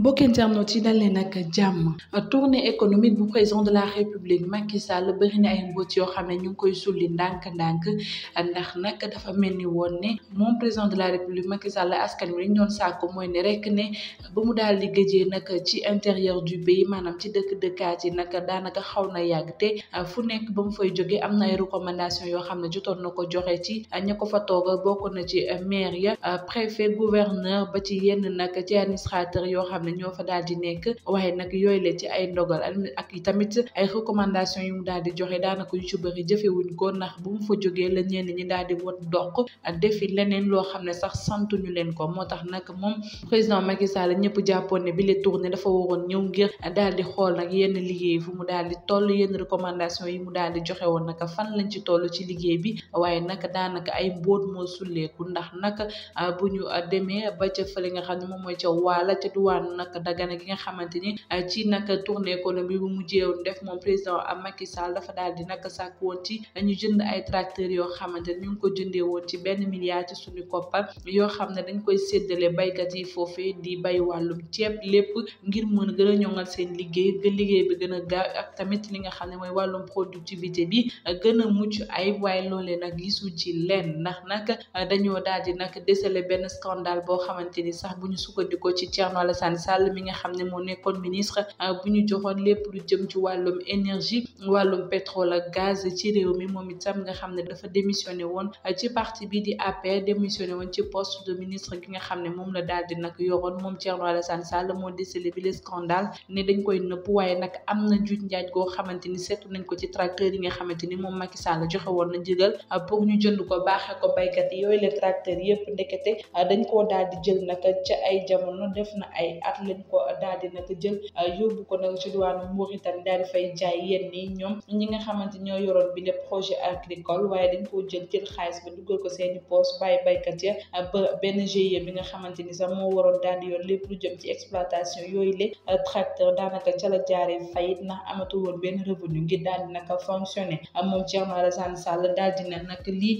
mbokki internautes yi dal leen ak jàmm tournée économique bu président de la république Macky Sall ay mbóot yoo xam ne ñu ngi koy sulli ndànk-ndànk ndax nag dafa mel ni woon ne moom président de la république Macky Sall askan wi li ñoon doon sàkku ne rek ne ba mu daal di gëjee nag ci intérieur du pays maanaam ci dëkk-dëkkaat yi nag daanaka xaw na yàgg te ah, fu nekk ba mu fay jógee am na ay recommandations yoo xam ne jotoon na ko joxe ci ah, ña ko fa toog bokk na ci maire ya ah, préfet gouverneur ba ci yenn nag ci yoo xam ne ñoo fa daal di nekk waaye nag yooyu la ci ay ndogal ak tamit ay recommandation yu mu daal di joxe daanaka yu ci bëri ko ndax bu mu fa jógee la ñenn ñi daal di wat doq defi leneen loo xam ne sax santuñu leen ko moo tax nag moom président Macky Sall ñëpp jàppoon ne bi le tournée dafa waroon ñëw ngir daal di xool nag yenn liggéey fu mu daal di toll yenn recommandation yi mu daal di joxe woon nag fan lañ ci toll ci liggéey bi waaye nag daanaka ay mbóot moo sulleeku ndax nag ah, bu a ah, demee a ca fële nga xam ne moom mooy ca waala ca duwaan nag dagana gi nga xamante ni ah, ci nag tournée économie bu mujjeewoon def moom président Macky Sall dafa daal di nag sàkk woon ci ñu jënd ay tracteurs yoo xamante ni ñu ngi ko jëndee woon ci benn milliard ci suñu koppar yoo xam ne dañ koy séddale baykat yi foofee di bay wàllum ceeb lépp ngir mën gën a ñoŋal seen liggéey gën liggéey bi gën a gaaw ak tamit li nga xam ne mooy wàllum productivité bi gën a mucc ayib waaye loolee nag gisu ci lenn ndax nag dañoo daal di nag déceler benn scandale boo xamante ni sax bu ñu sukkandikoo ci Thierno Alassane Sall mi nga xam ne moo nekkoon ministre euh, bu ñu joxoon lépp lu jëm ci wàllum énergie wàllum pétrole ak gaz ci réew mi moom itam nga xam ne dafa démissionné woon euh, ci parti bi di APR démissionné woon ci poste de ministre gi nga xam ne moom la daal di nag yoroon moom Thierno Alassane Sall moo décelé bi le scandale ne dañ koy nëpp waaye nag am na juuj njaaj goo xamante ni seetu nañ ko ci tracteur yi nga xamante ni moom Macky Sall joxe woon na a euh, pour ñu jënd ko baaxee ko baykat yi yooyu le tracteur yëpp ndekete dañ koo daal di jël nag ca ay lañ ko daal di nag jël euh, yóbbu ko nag ci diwaanu Mauritanie daal di fay jaay yenn nii ñoom ñi nga xamante ñoo yoroon bi le projet agricole waaye dañ koo jël jël xaalis ba duggal ko seeni poos bàyyi baykat ya euh, benn GIE bi nga xamante ni sax moo waroon daal di yor lépp lu jëm ci exploitation yooyu le euh, tracteur daanaka ca la jaaree fayit ndax amatu woon benn revenu ngir daal di naka fonctionné moom Thierno Alassane Sall daal di ne nag lii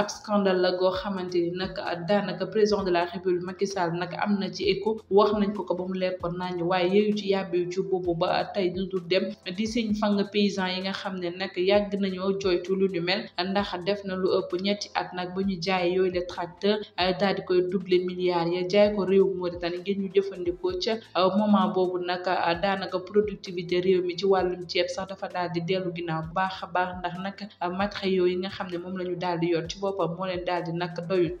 ab scandale la goo xamante ni nag daanaka président de la république Macky Sall nag am na ci écho wax nañ ko ko ba mu leer ko naññ waaye yeeyu ci yàbbewu ci boobu ba tey lu dul dem di sëñ fang paysan yi nga xam ne nag yàgg nañoo jooytu lu ñu mel ndax def na lu ëpp ñetti at nag ba ñu jaay yooyu le tracteur euh, daal di koy double milliards ya jaay ko réew Mauritanie ngeen ñu jëfandikoo ca euh, moment boobu nag euh, daanaka productivité réew mi ci wàllum ceeb sax dafa daal di dellu ginnaaw baax a baax ndax nag matériaux yooyu nga xam ne moom la ñu daal di yor ci boppam moo leen daal di nag doyut